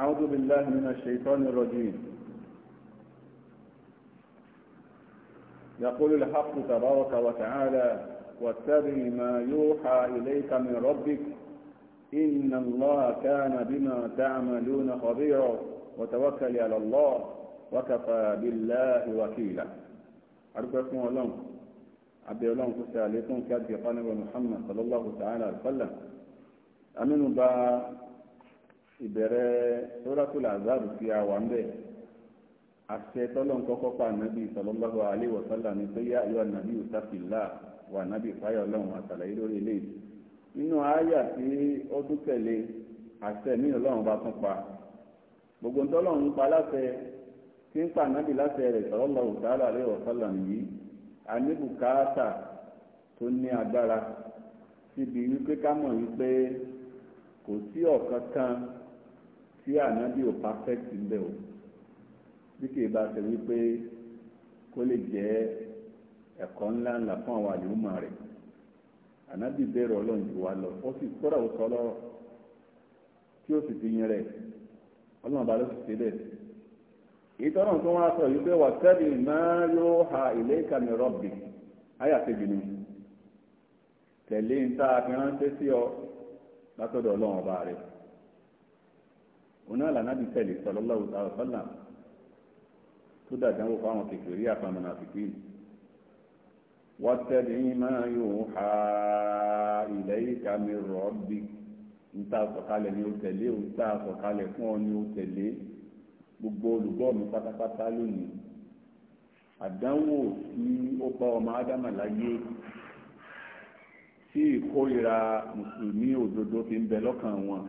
أعوذ بالله من الشيطان الرجيم يقول الحق تبارك وتعالى واتبع ما يوحى إليك من ربك إن الله كان بما تعملون خبيرا وتوكل على الله وكفى بالله وكيلا أرجوكم الله عبد الله كنت عليكم كاتب محمد صلى الله تعالى عليه وسلم أمين بقى ìbẹ̀rẹ̀ suratul azab tí a mbe ń bẹ̀ àṣẹ tọ́lọ́n pa ànábì sallallahu alaihi ní pé yá ayọ́ ànábì wà ànábì fáyọ̀ ọlọ́run àtàlàyé lórí eléyìí nínú àáyà tí ó gbogbo ntọ́lọ́run pa láṣẹ tí ń pa láṣẹ rẹ̀ tó ní agbára síbi wípé ká mọ̀ wípé tí ànábì ò perfect ń bẹ̀ o bí kì í bá ṣe wípé kó lè jẹ́ ẹ̀kọ́ ńlá ńlá fún àwọn lọ ó sì kóra ó sọ lọ́rọ̀ tí ó sì fi yin rẹ̀ ọlọ́run bá ló sì ṣe ìtọ́nà tó wá sọ yìí pé wà máa ha ilé ọ látọ̀dọ̀ ọlọ́run ọba rẹ̀. oní àlànàbì tẹ̀lé sallallahu ta'ala sallam tó dàdánwò fáwọn kékeré àpamọ́nà àfikún yìí wọ́tẹ́lì máa yóò ha ilẹ̀ ìka mi rọ̀ bí níta sọ̀kalẹ̀ ni ó tẹ̀lé o níta sọ̀kalẹ̀ fún ọ ni ó tẹ̀lé gbogbo olùgbọ́ mi pátápátá lónìí àdánwò tí ó bá ọmọ ádámà láyé tí ìkórira mùsùlùmí òdodo fi ń bẹ lọ́kàn wọn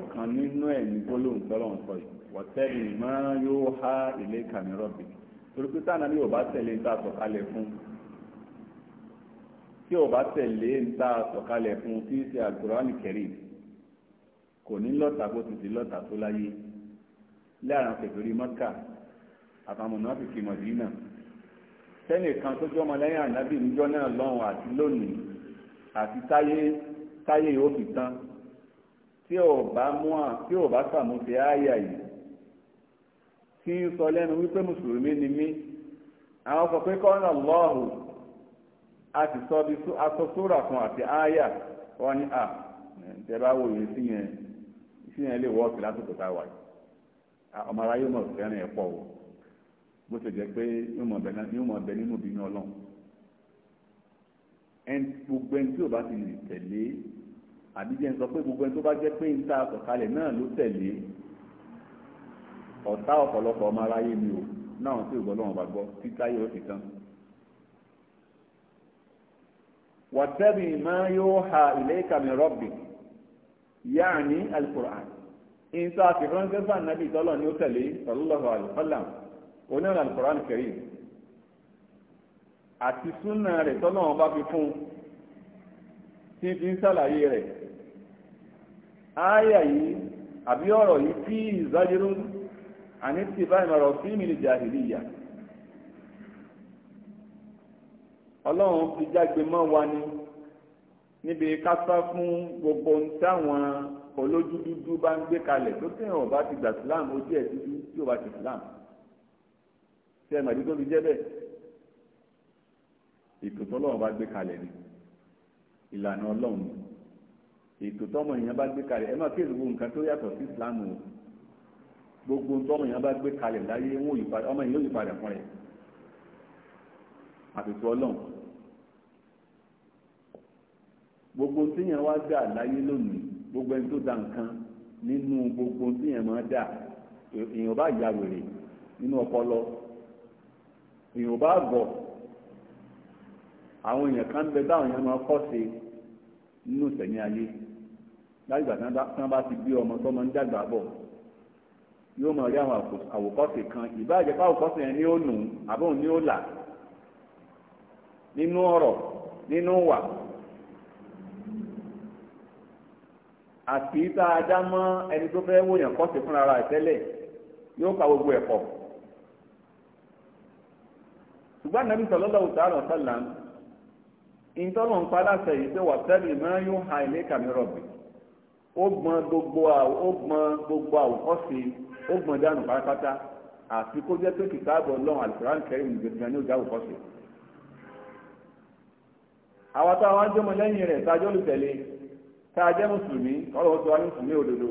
ọ̀kan nínú ẹ̀ ní gbólóhùn tọ́lọ́hún sọ yìí wọ́tẹ́lì máa yóò há ilé kàmírọ́bì torí pé sáà náà yóò bá tẹ̀lé níta sọ̀kalẹ̀ fún tí ò bá tẹ̀lé níta sọ̀kalẹ̀ fún tí ń ṣe àgbòránì kẹrì kò ní lọ́tà bó ti di lọ́tà tó láyé láàrin pẹ̀lú mọ́kà àtàwọn fìfì mọ̀dínà sẹ́nìkan tó jọ́mọ lẹ́yìn ànábì níjọ́ náà lọ́hùn àti lónìí àti táyé táyé yóò fi tán tí ò bá mú à tí ò bá sàmúnṣe àyà yìí tí ń sọ lẹ́nu wípé mùsùlùmí ni mí àwọn sọ pé kọ́nà lọ́ọ̀hù a sì sọ bí aṣọ sóra kan àti àyà wọn ni à ǹjẹ́ bá wò yẹn sí yẹn sí yẹn lè wọ́ọ̀kì lásìkò tá a wà yìí ọmọ aráyé mọ̀ fẹ́ràn ẹ̀ pọ̀ o bó ṣe jẹ́ pé yóò mọ̀ bẹ nínú ìbínú ọlọ́run gbogbo ẹni tí ò bá ti lè tẹ̀lé àbíjẹ́ ń sọ pé gbogbo ẹni tó bá jẹ́ pé ń ta àkọ̀kalẹ̀ náà ló tẹ̀lé ọ̀tá ọ̀pọ̀lọpọ̀ ọmọ aráyé mi ò náà tí ò gbọ́ lọ́wọ́n bá gbọ́ títáyé ó ti tán. wàtẹ́bì máa yóò ha ilé ìkàmì rọ́bì yáà ní alukur'an ìta àti ránṣẹ́ sáà nàbì tọ́lọ̀ ni ó tẹ̀lé sallallahu alaihi wasallam alukur'an karim àti súnà rẹ̀ tọ́lọ̀ wọn bá fi fún un tí fi ń sàlàyé rẹ̀ ááyà yìí àbí ọ̀rọ̀ yìí fi ìzájúrú àní ti bá ìmọ̀ràn sí ìmìlì jàhìlìyà ọlọ́run fi jágbe mọ́ wa ni níbi kásá fún gbogbo ohun táwọn olójú dúdú bá ń gbé kalẹ̀ tó tẹ̀yìn ọba ti gbà sílámù ojú ẹ̀ dúdú tí ọba ti sílámù tí ẹ̀ màdí tó fi jẹ́ bẹ́ẹ̀ ètò tọ́lọ́run bá gbé kalẹ̀ ni ìlànà ọlọ́run ètò tọ́mọ èèyàn bá gbé kalẹ̀ ẹ má kéde gbogbo nǹkan tó yàtọ̀ sí ìsìlámù o gbogbo tọ́mọ èèyàn bá gbé kalẹ̀ láyé ọmọ èèyàn yóò padà fún rẹ̀ àtètò ọlọ́run gbogbo tíyẹn wá dà láyé lónìí gbogbo ẹni tó da nǹkan nínú gbogbo tíyẹn máa dà èèyàn bá ya wèrè nínú ọpọlọ èèyàn bá gọ̀ àwọn èèyàn kan bẹ báwọn èèyàn máa kọ́ sí i nínú ìsẹ̀mí ayé lágbà tí wọ́n bá ti bí ọmọ tọ́mọ ń dàgbà bọ̀ yóò máa rí àwọn àwòkọ́sẹ̀ kan ìbáàjẹ́ pé àwòkọ́sẹ̀ yẹn ni ó nù àbóhùn ni ó là nínú ọ̀rọ̀ nínú wà àti tá a dá mọ́ ẹni tó fẹ́ wòyàn kọ́sẹ̀ fúnra rẹ̀ tẹ́lẹ̀ yóò ka gbogbo ẹ̀kọ́ ṣùgbọ́n nàbí sallallahu ta'ala sallam ìtọ́nà ń paláṣẹ yìí pé wàtẹ́lì máa yóò ha ilé kàmírọ̀bì ó gbọ́n gbogbo ó gbọ́n gbogbo àwòkọ́sí ó gbọ́n dànù pátápátá àfi kó jẹ́ pé kìtàbù ọlọ́run àlùkòrán kẹrin nìgbẹ̀gbẹ̀ ní òjá àwòkọ́sí. àwọn tó àwọn jọmọ lẹ́yìn rẹ̀ tá a jọ olùtẹ̀lé tá a jẹ́ mùsùlùmí ọlọ́run tó wá ní mùsùlùmí òdodo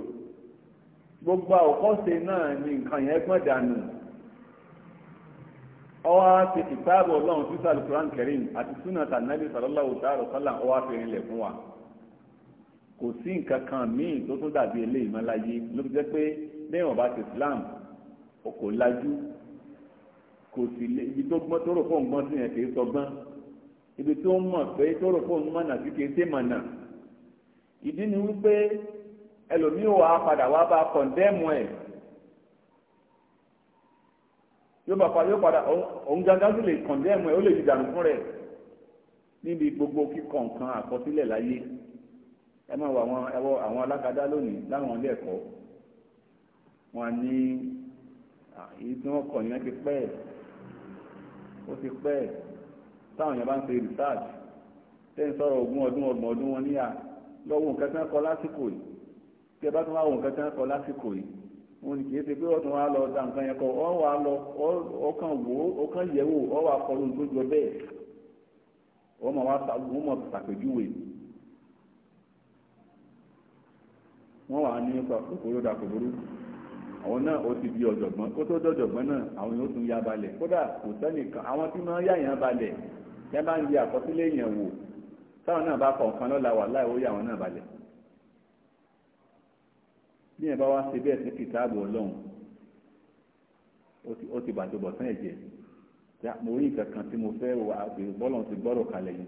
gbogbo àwòkọ́sí náà ni nǹkan yẹn gbọ́n dànù ọwọ́ ti ìtaàbọ̀ ọlọ́run sí sàlùkùrán kẹrin àti súnà tànàbí sàlọ́láwò tààrọ̀ sálà ọwọ́ àfẹ́rin lẹ̀ fún wa kò sí nǹkan kan míì tó tún dàbí eléyìí máa láyé ló fi jẹ́ pé lẹ́yìn ọba ti Islam kò lajú kò sì lè ibi tó gbọ́n tó rò fóun gbọ́n sí yẹn kì í sọgbọ́n ibi tó ń mọ̀ pé tó rò fóun mọ̀nà sí kì í sí mọ̀nà ìdí ni wípé ẹlòmíì wà á padà wá bá kọ̀ndẹ́mù ẹ̀ yóò bá pa yóò padà òun gangan sì lè kàn dé ẹ̀mọ́ ẹ̀ ó lè fi dànù fún rẹ̀ níbi gbogbo kíkọ̀ nǹkan àkọsílẹ̀ láyé ẹ máa wọ àwọn ẹwọ àwọn alákadá lónìí láwọn ilé ẹ̀kọ́ wọn ní èyí tí wọ́n kọ̀ yẹn ti pẹ́ ẹ̀ ó ti pẹ́ ẹ̀ táwọn èèyàn bá ń ṣe research tẹ́ ń sọ̀rọ̀ ogún ọdún ọgbọ̀n ọdún wọn níyà lọ́wọ́ nǹkan tí wọ́n kọ lásìkò yìí tẹ́ bá tún wá wọ nǹkan tí wọ́n kọ lásìkò yìí wọn ni kìí ṣe pé ọ̀tún wa lọ da nǹkan yẹn kọ ọ wà lọ ọkàn wò ó ọkàn yẹ̀ wò ọ wà kọ lóhun tó jọ bẹ́ẹ̀ wọ́n mọ̀ wá wọ́n mọ̀ ṣàpèjúwe wọ́n wà ní kòkòrò da kòkòrò àwọn náà ó ti di ọ̀jọ̀gbọ́n kó tó dọ̀jọ̀gbọ́n náà àwọn yóò tún ya balẹ̀ kódà kò sẹ́nìkan àwọn tí wọ́n yà yẹn balẹ̀ yẹn bá ń di àkọsílẹ̀ yẹn wò táwọn náà bá kọ̀ọ̀kan lọ́la wà láì ó yà wọn náà balẹ̀ bí yẹn bá wá ṣe bẹ́ẹ̀ sí kìtáàbù ọlọ́run ó ti bàjẹ́ bọ̀ sán ẹ̀jẹ̀ mo rí nǹkan kan tí mo fẹ́ wà àgbèrè bọ́lọ̀ ti gbọ́rọ̀ kalẹ̀ yìí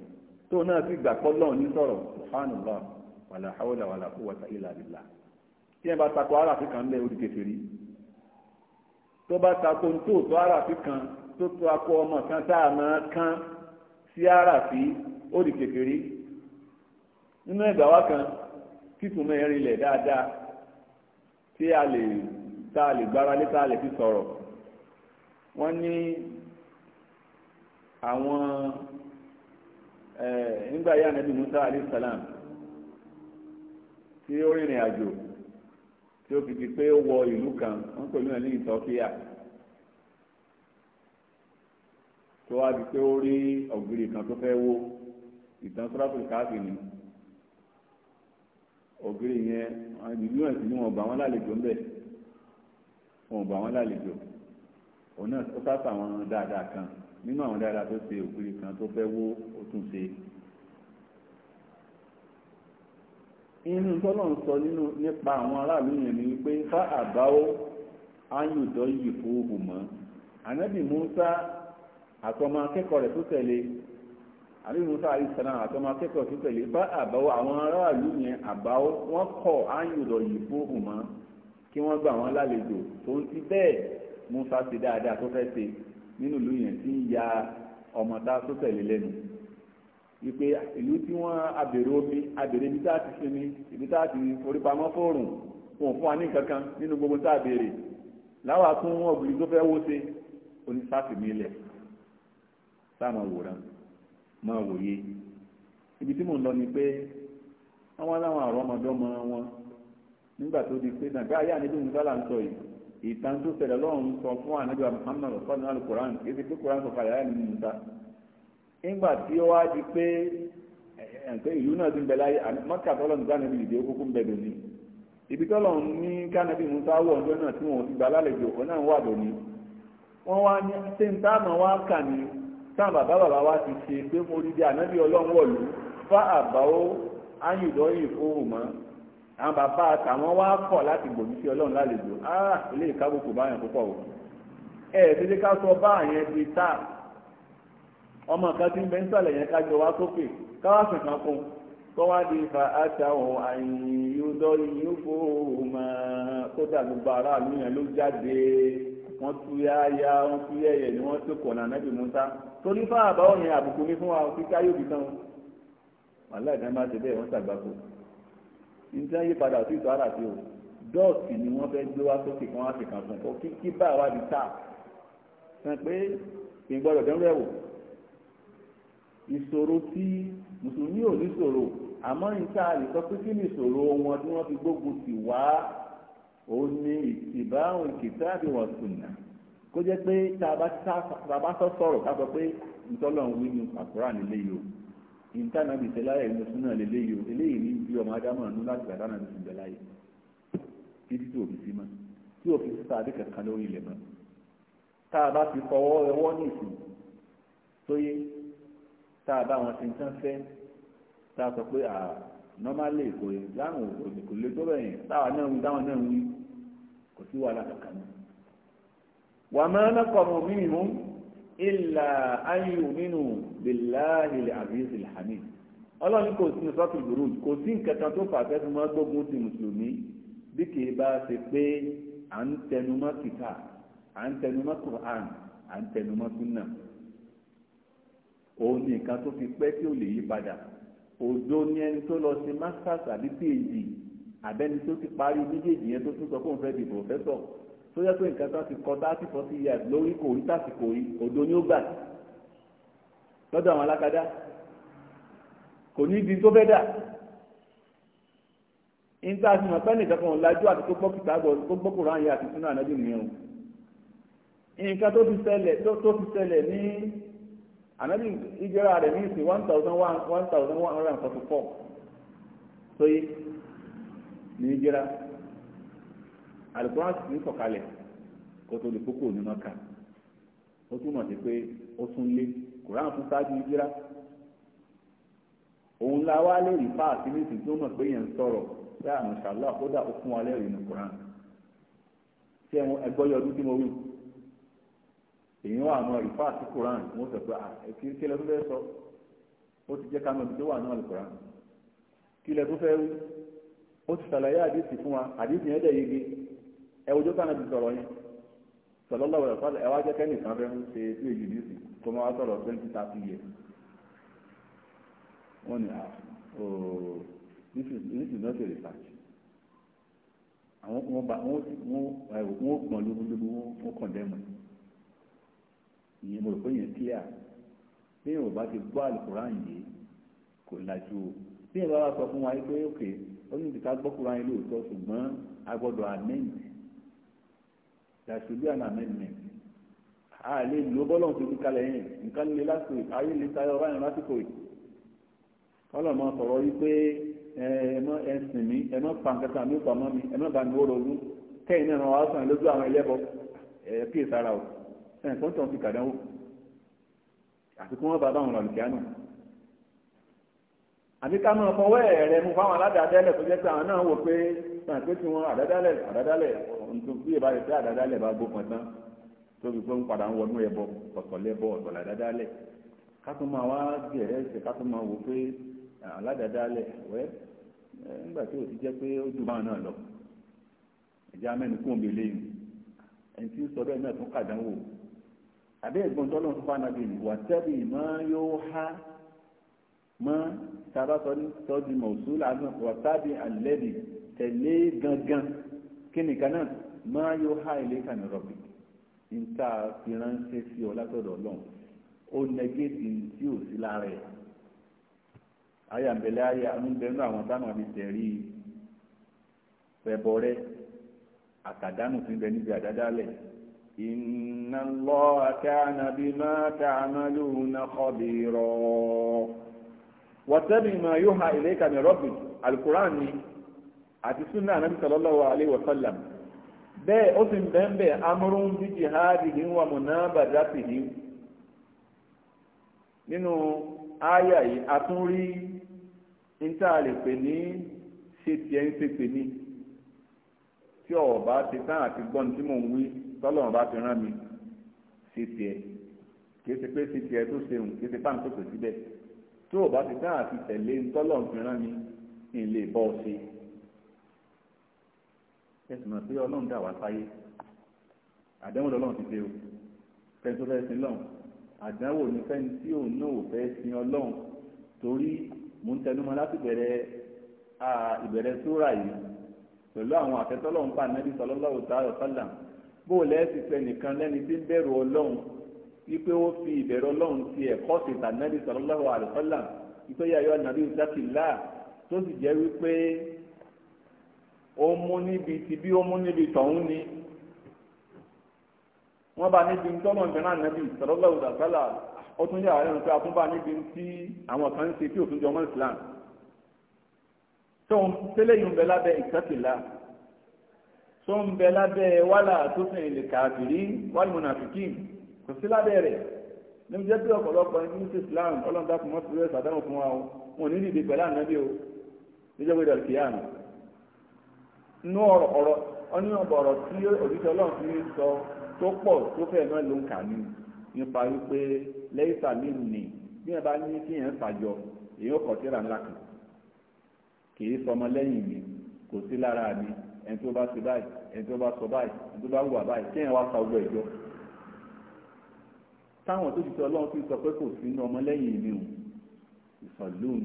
tó náà sì gbà kọ́ lọ́run ní sọ̀rọ̀ subhanallah wàlà hawla wàlà quwwata illa billah tí yẹn bá takò aráàfin kan lẹ́ orí kẹfìrí tó bá takò nítòótọ́ aráàfin kan tó tó akọ ọmọ kan tá a máa kán sí aráàfin orí kẹfìrí nínú ẹgbàá wa kan títún mẹ́rin lẹ̀ dáadáa tí a lè tá a lè gbára lé tá a lè fi sọ̀rọ̀ wọ́n ní àwọn nígbà yá nàbí Musa alayhi salam tí ó rìnrìn àjò tí ó fi di pé ó wọ ìlú kan wọ́n pè lóyún ní ìtọ́kíyà tó wá di pé ó rí ọ̀gbìnrin kan tó fẹ́ wó ìtàn sọ́dọ̀tò káàkiri ogiri yẹn ìlú ẹ̀sìn ni wọn bá wọn lálejò ńbẹ wọn bá wọn lálejò òun náà ó kan nínú àwọn dáadáa tó ṣe kan tó fẹ́ wó ó tún ṣe. inú tọ́lọ̀ ń sọ nínú nípa àwọn aráàlú yẹn ni wípé fá yìí Musa àtọmọ akẹ́kọ̀ọ́ rẹ̀ tó àbí musa àrí sànà àtọmọ akẹ́kọ̀ọ́ tó tẹ̀lé bá àbáwọ àwọn aráàlú yẹn àbáwọ wọn kọ áyùdọ yìí fún ọmọ kí wọn gbà wọn lálejò tó ń ti bẹ́ẹ̀ musa ti dáadáa tó fẹ́ẹ́ ṣe nínú ìlú yẹn ti ń ya ọmọ tá tó tẹ̀lé lẹ́nu ìpè ìlú tí wọn abèrè omi abèrè ibi tá a ti sinmi ibi tá a ti forípamọ́ fóòrùn fún òfún wa ní kankan nínú gbogbo tá a béèrè láwa tún ọgbìn tó fẹ́ wó ṣe oníṣàfìmílẹ sáà máa wòran. máa wòye ibi tí mò ń lọ ni pé wọ́n láwọn àrọ́ wọn nígbà tó di pé nàgbà ayé àníbí là ń sọ yìí ìtàn tó ṣẹlẹ̀ lọ́run sọ fún ànábì Muhammad sọ́nà alukoran kì í pé koran sọ nígbà tí ó wá di pé ẹ̀ǹkẹ́ ìlú náà ti ń ibi tọ́lọ̀ ń ní kánábì táwọn bàbá bàbá wa ti ṣe pé mo rí bí ànábì ọlọ́run wọ̀lú fá àbáwó áyùdọ́ yìí fóhùn mọ́ àwọn bàbá àtàwọn wá kọ̀ láti gbòmí sí ọlọ́run lálejò áà ilé ìkábòkò báyàn púpọ̀ o ẹ ti dé ká sọ báyẹn ti tà ọmọ kan ti ń bẹ ń sọ̀lẹ̀ yẹn ká jọ wá sókè káwá sì kan kún kọ́wádìí fa àtàwọn àyìn yóò dọ́ yìí yóò fóhùn mọ́ kódà gbogbo aráàlú yẹn ló jáde wọ́n ya yáyá wọ́n ya yẹ̀yẹ̀ ni wọ́n tó kọ̀ọ̀nà anábì musa torí fáwọn àbáwọ̀ yẹn àbùkù ní fún wa fi káyé òbí tán wàhálà ìdáná bá ti bẹ́ẹ̀ wọ́n ṣàgbàgbọ́ ìdí ayé padà sí ìtọ́ àrà o dọ́ọ̀tì ni wọ́n fẹ́ gbé wá sókè kan wá sí kan fún un kí kí bá wa di táà sàn pé kì í gbọ́dọ̀ dán rẹ̀ wò ìṣòro tí mùsùlùmí ò ní ṣòro àmọ́ ìta àlè pé kí ni ìṣòro wọn tí wọ́n fi gbógun tì wá òun ni ìbáhùn kìtàbí wa sunna kó jẹ́ pé tá a bá sọ sọ̀rọ̀ ká sọ pé ntọ́lọ̀ ń wí ní àkúrà nílé yìí o ìntànà bìí tẹ́láyà ìlú súnà lélé yìí o eléyìí ní bí ọmọ adámọ̀ ọ̀nù láti àdánà bìí sùn bẹ́láyé títí tí sí mọ́ tí òbí sí sáà dìkẹ̀ kan lórí ilẹ̀ mọ́ tá a bá fi fọwọ́ ẹwọ́ ní ìsìn tóyé tá a wọn ti ń tán fẹ́ tá sọ pé à nọ́málì kò láwọn òkò lè tó bẹ̀yẹn táwa náà wí wí kò sí wàhálà kankan mọ́. wà máa ná kọ̀ọ̀mù mímú ilà ayò nínú bíláàhì àbíyèsí làmì ọlọ́run kò sí nìfọ́tò ìgbòrò kò sí nǹkan kan tó fàáfẹ́ tó máa gbógun ti mùsùlùmí bí kì í bá ṣe pé à ń tẹnumọ́ kíkà à ń tẹnumọ́ Qur'an à ń tẹnumọ́ súnà òun ni tó fi pẹ́ tí ò lè yí padà òdo ni ẹni tó lọ sí masters àbí phd àbẹ́ni tó ti parí méjèèjì yẹn tó tún sọ fóun fẹ́ di pòfẹ́sọ̀ tó yẹ pé nǹkan tó ti kọ thirty forty years lórí kò rí tàsìkò rí òdo ni ó gbà lọ́dọ̀ àwọn alákadá kò ní ibi tó fẹ́ dà níta fi mọ̀ pẹ́ẹ́nì kankan ò lajú àti tó gbọ́kìtà gbọ́ tó gbọ́kùnrin àyè àti sínú ànájú nìyẹn o nǹkan tó ti ṣẹlẹ̀ tó ti ṣẹlẹ̀ ní ànájú ìjẹ́ra rẹ̀ ní ìsìn one thousand one thousand one hundred and forty four so ní ìjẹ́ra ti sọ̀kalẹ̀ otu tó lè kókó maka ó túmọ̀ sí pé ó tún lé kóra fún sáájú ìjẹ́ra òun la wá lórí fáàtì nísìn tó mọ̀ pé yẹn ń sọ̀rọ̀ pé ṣàlọ́ ah, àkódà ó fún wa lẹ́rìí ní koran tí ẹ̀wọ̀n ẹgbọ́ yọ ọdún tí mo wí èyàn wà koran sọ pé ah, kí kí lẹ tó sọ ó ti koran kí lẹ tó ó ti sàlàyé àdìsí fún wa àdìsí yẹn dẹ̀ yege ẹ ojú kànáà ti sọ̀rọ̀ yẹn sọlọ́lá wẹ̀rẹ̀ fàlẹ̀ ẹ wá jẹ́ kẹ́ni kan fẹ́ ń ṣe sí èyí nísì tó máa sọ̀rọ̀ twenty thirty years wọ́n ní ah, ooo oh, this is this is not a research àwọn wọn bá wọn wọn wọn gbọ̀n lógúndógún wọn kàn dẹ́mọ̀ ìyẹn mo rò pé yẹn clear bí yẹn ò bá ti gbọ́ àlùkò ráàyè kò lajú o bí yẹn bá wà sọ fún wa pé okay ó ní ìdíkà gbọ́kúrò ayé lóòótọ́ ṣùgbọ́n a gbọ́dọ̀ amend there should be an amendment a lè lo bọ́lọ̀ tó ti kalẹ̀ yẹn nǹkan lè lásìkò yìí ayé lè tayọ ọ̀rá yẹn lásìkò yìí kọ́lọ̀ máa sọ̀rọ̀ yìí pé ẹ sìn mí ẹ má pa nǹkan kan mi pamọ́ mi ẹ má bá mi wọ́rọ̀ ọdún kẹ́yìn náà wàá sàn lójú àwọn ẹlẹ́bọ ẹ pè o ẹ̀ ti kàdánwò àti kí wọ́n bá bá lọ àbí ká máa fọwọ́ ẹ̀rẹ̀ mú fáwọn aládàádálẹ̀ tó jẹ́ pé àwọn náà wò pé náà pé tí wọ́n àdádálẹ̀ àdádálẹ̀ nítorí bí ìbá rẹ̀ pé àdádálẹ̀ bá gbópọn tán tóbi pé ń padà ń wọnú ẹbọ ọ̀tọ̀lẹ́bọ ọ̀tọ̀lẹ̀ àdádálẹ̀ ká tó máa wá gẹ̀rẹ́ ẹsẹ̀ ká tó máa wò pé aládàádálẹ̀ wẹ́ nígbà tí ò ti jẹ́ pé ó ju báwọn náà lọ ẹ̀jẹ̀ amẹ́nu kún omi lẹ́yìn ẹni tàbá sọ ní sọ́ọ́dì mọ̀súlà náà wàtàbí àlẹ́bì tẹ̀lé gangan kí nìkan náà máa yóò há ilé kàní rọ̀bì níta fi ránṣẹ́ sí ọ látọ̀dọ̀ ọlọ́run ó nẹgẹ́tì tí ò sí lára ẹ̀ ayàmbẹ̀lẹ̀ ayà ńbẹ̀rù àwọn táwọn àbí tẹ̀rí pẹ̀bọ àtàdánù tí bẹ níbi àdádálẹ̀ inna Allaha kana bima ta'maluna khabira wọ́tẹ́bì máa yóò ha ilé kàmí rọ́bì alukuran ni àti sunna anabi sallallahu alayhi wa sallam bẹ́ẹ̀ ó sì ń bẹ́ẹ̀ bẹ́ẹ̀ amúrún bí jihadi ní wà munabadatihi nínú àyà yìí a tún rí níta lè pè ní ṣe tiẹ̀ ń ṣe pè ní tí ọ̀wọ̀ bá ti tán àti gbọ́n tí mò ń wí tọ́lọ́run bá ti rán mi ṣe tiẹ̀ kì í ṣe pé ṣe tiẹ̀ tó ṣe òun kì í ṣe pàǹtó pè síbẹ̀ tó o bá ti dá àti tẹ̀lé ńtọ́lọ̀ mìíràn ni kí n lè bọ́ ọ sí i ẹ̀sìn mọ̀ pé ọlọ́run dà wá sáyé àdánwò lọ́lọ́run ti dé o fẹ́ni tó fẹ́ sin lọ́run àdánwò ni fẹ́ni tí òun náà ò fẹ́ sin ọlọ́run torí mò ń tẹnumọ́ láti bẹ̀rẹ̀ ìbẹ̀rẹ̀ sóra yìí pẹ̀lú àwọn àfẹ́tọ́lọ́run pa nẹ́bí sọlọ́lọ́wọ́ tá a sálà bó o lẹ́ẹ̀sì pẹ́ nìkan lẹ́ni tí ń bẹ̀rù ọlọ́run wípé wọ́n fi ìbẹ̀rù ọlọ́run ti ẹ̀kọ́ sí ìtànẹ́bí sallallahu alaihi wasallam ìtọ́yà yọ nàbí ìdákìlá tó sì jẹ́ wípé ó mú níbi ti bí ó mú níbi tọ̀hún ni wọ́n bá níbi ń tọ́nà ìgbẹ́nà nàbí sallallahu alaihi wasallam ó tún yà wọ́n pé a tún bá níbi tí àwọn kan ń ṣe tí òfin jọmọ́ Islam tó tẹ́lẹ̀ yìí ń bẹ lábẹ́ ìtàkìlá tó ń bẹ lábẹ́ wàhálà tó sì kò sí lábẹ́ rẹ̀ níbi jẹ́ pé ọ̀pọ̀lọpọ̀ ẹni ní Islam ọlọ́run dákun mọ́ sílẹ̀ sàdáhùn fún wa o wọn ò ní dìde pẹ̀lú ànábì o níjọ́ pé dàlùkì yá mi. inú ọ̀rọ̀ ọ̀rọ̀ ọ̀ní ọ̀bọ̀ ọ̀rọ̀ tí òjíṣẹ́ ọlọ́run fi sọ tó pọ̀ tó fẹ́ẹ̀ náà ló ń kà ní nípa wípé lẹ́yìn sàmì nì bí ẹ bá ní kí yẹn fàjọ èyí ó kọ̀ síra ńlá kan kì í sọmọ lẹ́yìn mi kò sí lára mi ẹni tó bá ṣe báyìí ẹni tó bá sọ báyìí ẹni tó bá wùwà báyìí kí yẹn wá sa ọgbọ ìjọ táwọn tó ti sọ ọlọ́run fi sọ pé kò sínú ọmọlẹ́yìn mi o ìsọ̀lùm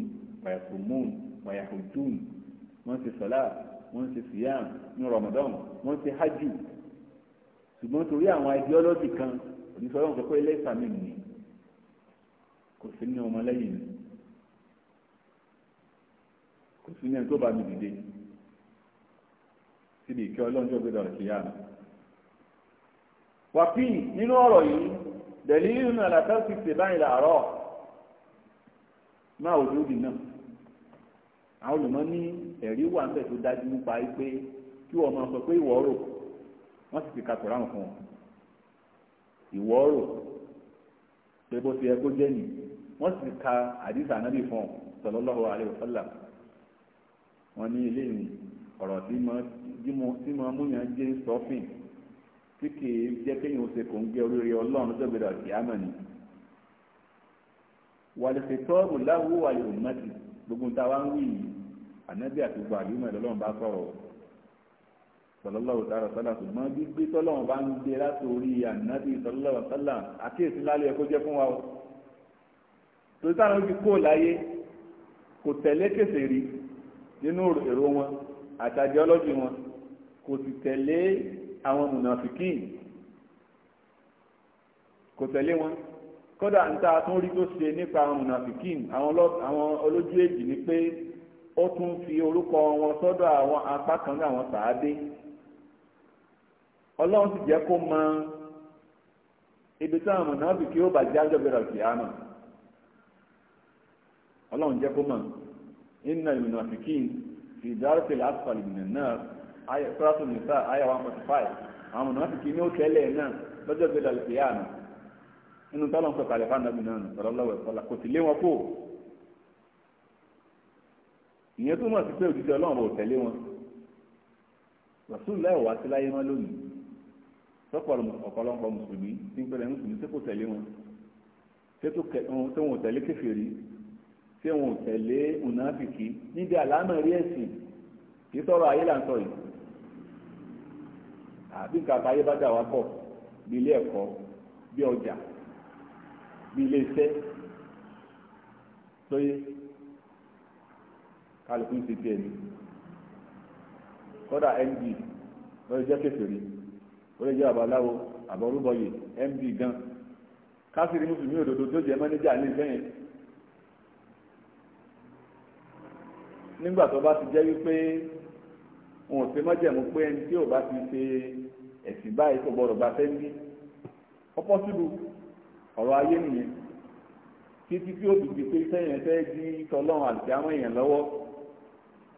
wàyàkùmùn wàyàkùdùn wọ́n ti sọ̀lá wọ́n ti fìyàm ní rọmọdọ́n wọ́n ti hajj ṣùgbọ́n torí àwọn ideology kan oníṣọ́lọ́run sọ pé ẹlẹ́sà mi nì kò sínú ọmọlẹ́yìn mi kò sínú ẹni tó bá mi dìde síbi ìkẹ́ ọlọ́run tó gbé dọ̀rọ̀ kìyàm wàpí nínú ọ̀rọ̀ yìí. دليل على ترك اتباع الآراء مع وجود النفس àwọn olùmọ ní ẹ̀rí wà ń bẹ̀ tó dájú nípa pé kí wọ́n máa sọ pé ìwọ rò wọ́n sì ti ka Kùránì fún wọn ìwọ rò pé bó ti yẹ kó jẹ́ nì wọ́n sì ka àdìsá ànábì fún wọn sallallahu alaihi wasallam wọ́n ní eléyìí ọ̀rọ̀ tí mo múyàn jẹ́ sọ́fìn tí kì í jẹ́ kéèyàn ó ṣe kò ń gé oríire ọlọ́run tó gbẹdọ̀ kíámọ̀ ni. wàlẹ̀sẹ̀ tọ́ọ̀bù láwù wàlẹ̀ òmùmọ́tì gbogbo ń ta wá ń wí yìí ànábì àti gbogbo àlùmọ̀ ìlọ́lọ́run bá sọ̀rọ̀ sọlọ́lọ́wọ́ sára sọ́lá ṣùgbọ́n gbígbé tọ́lọ́run bá ń gbé látòrí ànábì sọlọ́lọ́wọ́ sọ́lá àkíyèsí lálẹ́ ẹ̀kọ́ jẹ́ fún wa o torí táwọn fi kó láyé kò tẹ̀lé kèsè rí nínú èrò wọn àtàjọ́lọ́jì wọn kò sì tẹ̀lé àwọn munafikins kò tẹ̀lé wọn kódà ń ta tún rí tó ṣe nípa àwọn àwọn olójú èjì ni pé ó tún fi orúkọ wọn sọ́dọ̀ àwọn apá kan ní àwọn sàádé ọlọ́run sì jẹ́ kó mọ ibi táwọn mùnàfìkì ó bàjẹ́ àjọbẹ̀rẹ̀ ọlọ́run jẹ́ ayọ̀ sọ́ràtù nìsa ayọ̀ one forty five àwọn mùnàfíkì ní òkè ẹlẹ́yìn náà lọ́jọ́ gbẹdọ̀ lè fìyà nù nínú tọ́lọ̀ ń sọ kàlẹ́ fáńdàbí náà nù sọ̀rọ̀ lọ́wọ́ ẹ̀fọ́lá kò sì lé wọn kó ìyẹn tó mọ̀ sí pé òjijì ọlọ́run ò tẹ̀lé wọn Rasulullah wá sí láyé wọn lónìí sọ́pọ̀ ọ̀pọ̀lọpọ̀ mùsùlùmí tí ń pẹ̀lẹ́ mùsùlùmí tí kò tẹ̀lé wọn tí wọn ò tẹ̀lé kèfèrí tí wọn ò tẹ̀lé mùnàfíkì níbi àlámọ̀ rí ẹ̀sìn kì í sọ̀rọ̀ ayé là ń sọ yìí àbí nǹkan àtàyè bá dà wá pọ̀ bí ilé ẹ̀kọ́ bí ọjà bí ilé iṣẹ́ lóye kálukú ń ṣe tiẹ̀ ni kódà md lọ́ọ́ jẹ́ kékeré ó jẹ́ babaláwo àbọ̀rúbọyè md gan kásìrì mùsùlùmí òdodo tó jẹ́ mẹ́nẹ́jà ní ìfẹ́ yẹn nígbà tó bá ti jẹ́ wípé wọn ò ṣe mọ́jẹ̀mú pé ẹni tí ò bá ti ṣe ẹ̀sìn báyìí kò gbọ́dọ̀ gba sẹ́ńdí ọ̀pọ̀ sílu ọ̀rọ̀ ayé nìyẹn títí tí ó fi di pé sẹ́yìn fẹ́ di tọlọ́run àti àwọn èèyàn lọ́wọ́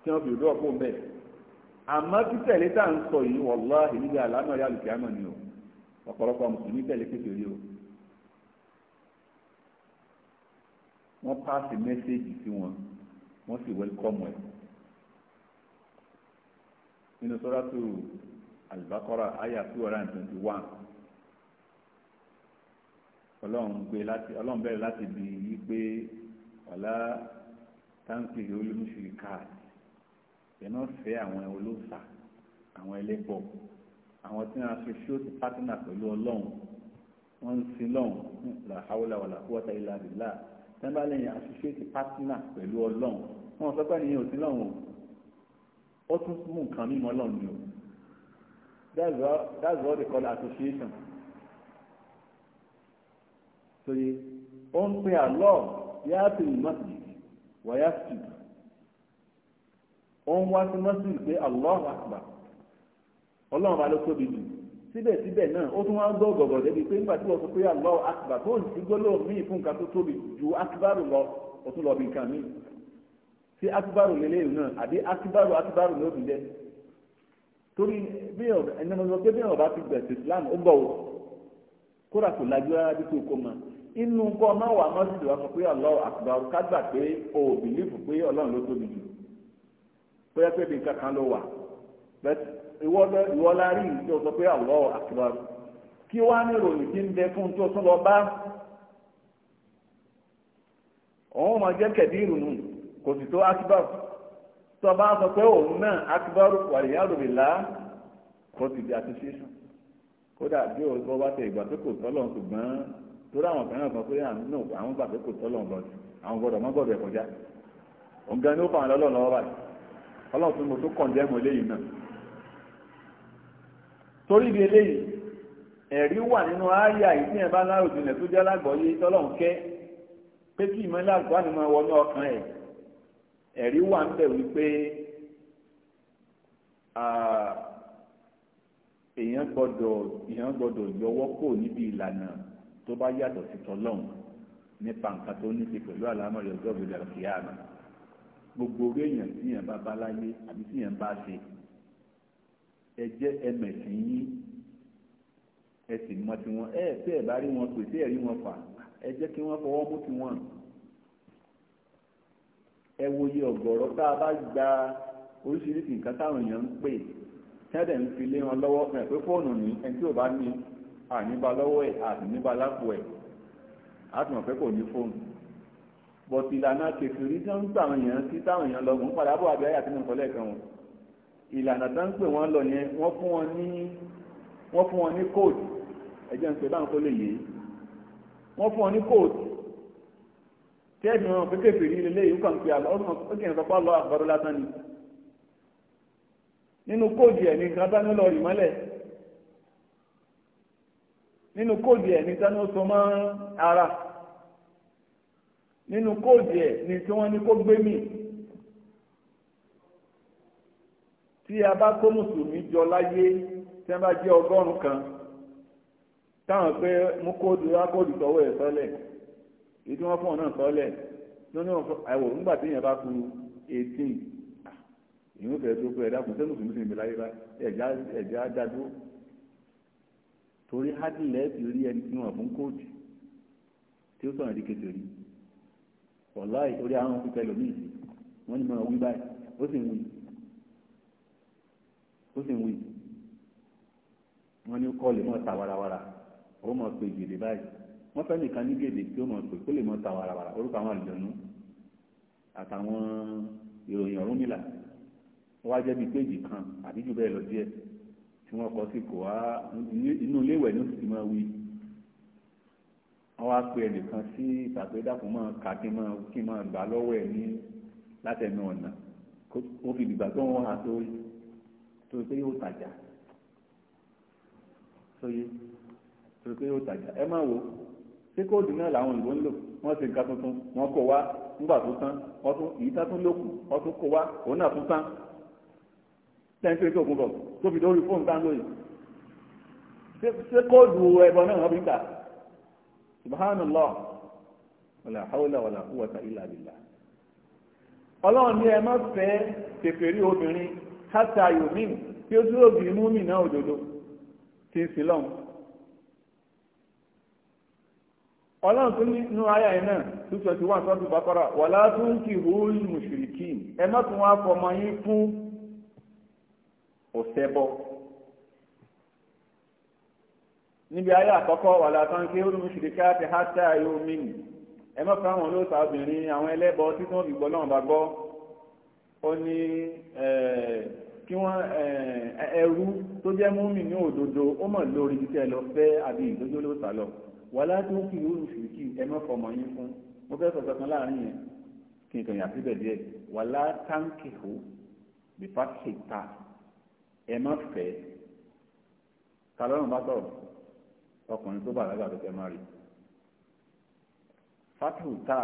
tí wọ́n fi òdúrọ̀ fún bẹ́ẹ̀ àmọ́ kí tẹ̀lé tá à ń sọ yìí wọ̀lá ìlúgbà àlánà rí àlùkìámọ̀ ni o ọ̀pọ̀lọpọ̀ mùsùlùmí tẹ̀lé kékeré o wọ́n paasi mẹ́sẹ́ẹ̀jì sí wọn wọ́n sì wẹ́lkọ́mù ẹ̀ nínú sọ́dọ̀ tó alùbákọ́rà àyà two hundred and twenty one ọlọ́run gbé láti ọlọ́run bẹ̀rẹ̀ láti bí i pé ọ̀la táǹkì olóṣèlú káàdì ìyẹn náà fẹ́ àwọn olóòṣà àwọn ẹlẹ́bọ àwọn tí wọ́n aṣọ ṣó ti pátánà pẹ̀lú ọlọ́run wọ́n ń sin lọ́run la hawla wala quwwata illa billah tẹ́ńbà lẹ́yìn aṣoṣe ti pátánà pẹ̀lú ọlọ́run wọ́n sọ pé nìyẹn ò sí lọ́run ó tún mú nǹkan mímọ́ lọ́run ni o. That's what, that's what they call association. So you ye ó ń pe àlọ́ yá sí masjid wà yá sí jù. Ó ń wá sí masjid pé Allahu Akbar. Ọlọ́run bá ló tóbi jù. Síbẹ̀síbẹ̀ náà ó tún wá ń gbọ́ gọ̀gọ̀ débi pé nígbà tí wọ́n sọ pé Allahu Akbar tó ń sí gbólóhùn míì fún nǹkan tó tóbi ju Akbaru lọ, ó tún lọ bí nǹkan míì. Ṣé Akbaru lélẹ́yìn náà àbí Akbaru Akbaru ló fi jẹ́? torí bíyàn ẹni mo sọ pé ọba ti gbẹ̀sẹ̀ Islam ó gbọ̀ wò kódà kò lajú bí kò kó ma inú kọ́ ọ wà mọ́sídìí wa pé pé o ò bìlífù pé Ọlọ́run ló tóbi jù bóyá pé nǹkan kan ló wà bẹ́ẹ̀ sọ pé kí wá ní tí ń bẹ fún tó lọ bá jẹ́ kẹ̀dí tó bá sọ pé òun náà akibaru wàlíyàrú ìlà kò ti di association kódà bí o bá tẹ ìgbà tó kò tọ́lọ̀ ṣùgbọ́n torí àwọn kan náà sọ pé àwọn gbà pé kò tọ́lọ̀ lọ sí àwọn gbọdọ̀ mọ́ gbọdọ̀ ẹ̀kọ́já òun gan ni ó fà wọn lọ́lọ́ lọ́wọ́ báyìí ọlọ́run tó mo tó kàn jẹ́ mọ́ eléyìí náà torí ibi eléyìí ẹ̀rí wà nínú ááyà yìí tí ẹ̀ bá láròjìnlẹ̀ tó jẹ́ lágbọ̀ọ́yé tọ́lọ́run kẹ́ pé kí ìmọ̀lẹ́ àgbà ni mo wọnú ọkàn ẹ̀ ẹ̀rí wà ń bẹ̀ wípé èèyàn gbọ́dọ̀ èèyàn gbọ́dọ̀ yọwọ́ kò níbi ìlànà tó bá yàtọ̀ sí tọlọ́hun nípa nǹkan tó ní ti pẹ̀lú àlámọ̀ rẹ̀ ọjọ́ ìgbèlè ọ̀kìyà àná gbogbo orí èèyàn tí èèyàn bá bá láyé àbí tí èèyàn bá ṣe ẹ jẹ́ ẹmẹ̀sìn yín ẹ sì mọ tiwọn ẹ ẹ tẹ́ ẹ bá rí wọn pèsè ẹ̀rí wọn fà ẹ jẹ́ kí wọ́n fọwọ́ mú tiwọn ẹ wo iye ọ̀gọ̀rọ̀ tá a bá gba oríṣiríṣi nǹkan táwọn èèyàn ń pè tẹ́lẹ̀ ń fi lé wọn lọ́wọ́ ẹ̀ pé fóònù ní ẹni tí ò bá ní àníbá lọ́wọ́ ẹ̀ àníbá lápò ẹ̀ á ti mọ̀ pé kò ní fóònù bọ̀tì ìlànà kẹfìrí tó ń táwọn èèyàn sí táwọn èèyàn lọ ń padà bọ̀ àbí àyà tí mo kọ́ lẹ́ẹ̀kan wọn ìlànà tó ń pè wọ́n lọ yẹn wọ́n fún wọn ní wọ́n fún wọn ní kóòtù ẹ̀jẹ̀ ń pè báwọn kó lè yé wọ́n fún wọn ní kóòtù tẹ́ẹ̀mì wọn pẹ́kẹ́ fèrè ní ilé ìwúkàn pé àlọ́ ọkùnrin sọpá lọ àgbàdo lásán ni nínú kóòdì ẹ̀ ní gátánú lọ rì mọ́lẹ̀ nínú kóòdì ẹ̀ ní tánú sọ mọ́ ara nínú kóòdì ẹ̀ ní tí wọ́n ní kó gbé mì tí a bá kó mùsùlùmí jọ láyé tí wọ́n bá jẹ́ ọgọ́rùn-ún kan táwọn pé mú kóòdì wá sọ́wọ́ ẹ̀ sọ́lẹ̀ èyí tí wọ́n fún ọ náà sọ́lẹ̀ lónìí wọn àwọ̀ nígbà tí èèyàn bá ku eighteen èèyàn ah, fẹ́ẹ́ tó pé ẹ̀dá kùn sẹ́nu sùn sí ìbílẹ̀ ayébá ẹ̀já dádúró torí hádìlẹ̀ ti rí ẹni tí wọ́n fún kóòtù tí ó sọ̀rọ̀ ìdíkejì rí ọ̀la ìtorí àwọn fífẹ́ lòmíì sí wọ́n ní máa wí báyìí ó sì ń wí ó sì ń wí wọ́n ní kọ́ọ̀lù mọ́ ta warawara ó mọ̀ pé gèdè báyìí wọ́n fẹ́ nìkan ní gèdè tí ó mọ̀ pé kó lè mọ ta wàràwàrà orúkọ àwọn àlùjọ̀nú àtàwọn ìròyìn ọ̀rún nílà wọ́n á jẹ́ bíi péjì kan àbí jù bẹ́ẹ̀ lọ díẹ̀ tí wọ́n kọ́ sí kò wá inú ilé ìwẹ̀ ní òsì máa wí wọ́n á pe ẹnìkan sí ìtàpé dàpọ̀ máa kà kí máa kí máa gbà lọ́wọ́ ẹ̀ ní látẹnu ọ̀nà ó fi dìgbà tó wọ́n hà tó tó pé yóò tàjà sóye tó pé yóò tàjà ẹ má wo ṣé kóòdù náà làwọn òyìnbó ń lò wọ́n ṣe nǹkan tuntun wọ́n kó wá nígbà tó tán wọ́n tún èyí tá tún lókù wọ́n tún kó wá òun náà tún tán tẹ́ńtì tó kún bọ̀ tó fi lórí fóònù tá ń ṣé kóòdù ẹ̀bọ náà wọ́n fi ń hawla quwwata illa billah ọlọ́run ẹ má fẹ́ ọlọ́run tó nínú ayé ẹ̀ náà two twenty one twenty bàkọ́rà wà látún kì hóòlù mùsùlùkì ẹ má tún wá fọmọ yín fún òṣèbọ níbi ayé àkọ́kọ́ wà látún kì hóòlù mùsùlùkì àti hátà yóò mìíní ẹ má fún àwọn olóòtú obìnrin àwọn ẹlẹ́bọ tí wọ́n fi gbọ́ bá gbọ́ ó ní kí wọ́n ẹrú tó jẹ́ múmi ní òdodo ó mọ̀ lórí títẹ́ lọ fẹ́ àbí ìdójólóòtà lọ wà ládùn kí ló ń fi kí ẹ má fọmọ yín fún mo fẹ́ sọ̀tọ̀ kan láàrin yẹn kí n kàn yà síbẹ̀ díẹ̀ wà látàǹkìhó bífàkìta ẹ má fẹ́ kálọ́rùn bá sọ̀rọ̀ ọkùnrin tó bàlágà tó fẹ́ má rí fàkìta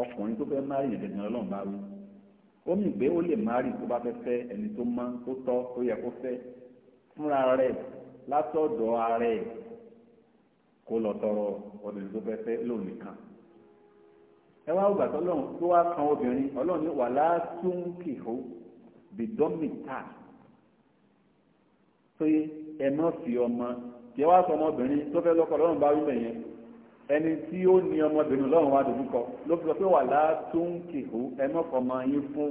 ọkùnrin tó fẹ́ má rí yẹn dandan ọlọ́run bá wí ó mì pé ó lè má rí tó bá fẹ́ fẹ́ ẹni tó mọ́ tó tọ́ tó yẹ kó fẹ́ fúnra rẹ̀ látọ̀dọ̀ ara rẹ̀ kó lọ tọrọ ọdún tó fẹ́ fẹ́ lóun nìkan ẹ wá ògbà tó lọ́run tó wá kan obìnrin ọlọ́run ní wàhálà tún kìhó bìdọ́mìtà pé ẹ má fi ọmọ kí ẹ wá sọ ọmọbìnrin tó fẹ́ lọ́kọ lọ́run bá wílẹ̀ yẹn ẹni tí ó ní ọmọbìnrin lọ́run wá dojú kọ ló fi sọ pé wàhálà tún kìhó ẹ má fọmọ yín fún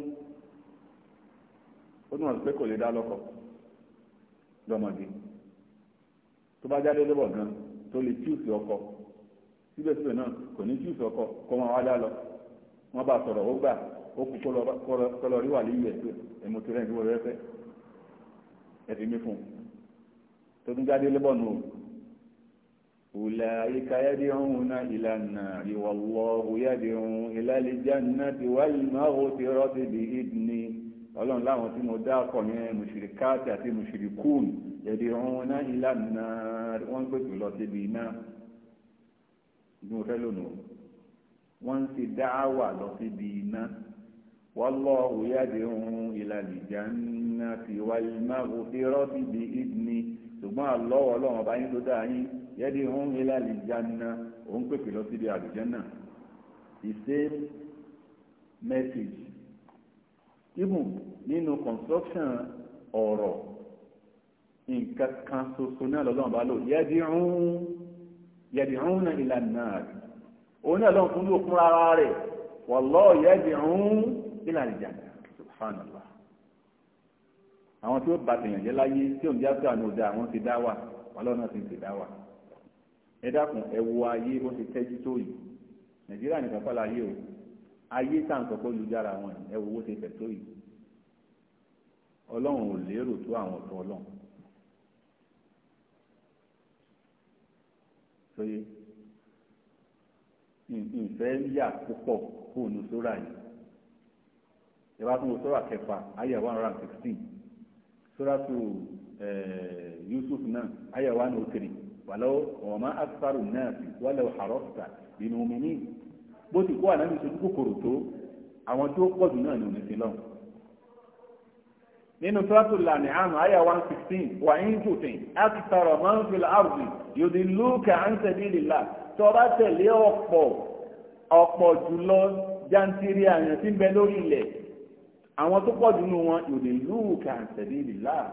ó dùn ọ̀sẹ̀ pé kò lè dá lọ́kọ lọ́mọdé tó bá jáde lọ́bọ̀ gan-an tó lè tíùsì ọkọ síbẹ̀síbẹ̀ náà kò ní tíùsì ọkọ kó máa wá dá lọ wọ́n bá sọ̀rọ̀ ó gbà ó kú kọlọ rí wà líyẹ̀ pé ẹ̀mú tó rẹ̀ ń wọ́n rẹ́ fẹ́ ẹ̀fí mi fún un tó tún jáde lébọ̀nù o wùlà ìka yẹ́dí ọ̀hún náà ìlànà ìwọ̀wọ̀ òyẹ́dí ọ̀hún ìlàlẹ́jà náà ti wáyé máa ti rọ́ ti di ìdní ọlọ́run láwọn tí mo dákọ̀ yẹn mùṣìríkáàtì àti mùṣìríkùn ẹ̀dẹ̀ ọ̀hún náà ìlànà wọ́n ń gbèsè lọ síbi iná ní mo fẹ́ lónìí wọ́n ń ṣe dáwà lọ síbi iná wallahu yad'u ila al-jannati wal maghfirati bi idni ṣùgbọ́n àlọ́ ọlọ́run ọba yín tó dáa yín yad'u ila al-janna òun pèpè lọ síbi àlùjànnà the same message even nínú construction ọ̀rọ̀ nǹkan kan ṣoṣo náà lọ́lọ́run bá lò yẹ́dìrún náà ìlànà rẹ̀ òun náà lọ́n fún ló fún ara rẹ̀ wọ́lọ́ yẹ́dìrún ìlànà ìjànà subhanallah àwọn tí ó bá tèèyàn jẹ́ láyé tí òun jáde àná òde àwọn ti dá wà wọ́lọ́ náà ti ti dá ẹ dákun ẹ wo ayé bó ti tẹ́jú tó yìí nàìjíríà nìkan kọ́ o ayé tá à ń sọ pé olùjára wọn ẹ wo owó ṣe fẹ̀ tó yìí ọlọ́run ò lérò tó àwọn ọ̀tọ̀ ọlọ́run sóye ìfẹ́ yà púpọ̀ fóònù sóra yìí ẹ bá tún wo sóra kẹfà ayé one hundred and sixteen sóra tó Yusuf náà ayé one oh three wàlọ́ ọ̀mọ́ akpárù náà wàlọ́ àrọ́sà bínú bó ti kó ànábì sojú kòkòrò tó àwọn tí ó pọ̀ jù náà ní oníṣẹ́ lọ́wọ́ nínú tíwátò lànà àmà àyà one sixteen wà ń jòfin àti tọrọ máa ń fi láàbù yòdì lóòkè à ń tẹ̀lé ìlà tọ́ba tẹ̀lé ọ̀pọ̀ ọ̀pọ̀ jùlọ jantiri àyàn tí ń bẹ lórí ilẹ̀ àwọn tó pọ̀ jù nù wọn yòdì lóòkè à ń tẹ̀lé ìlà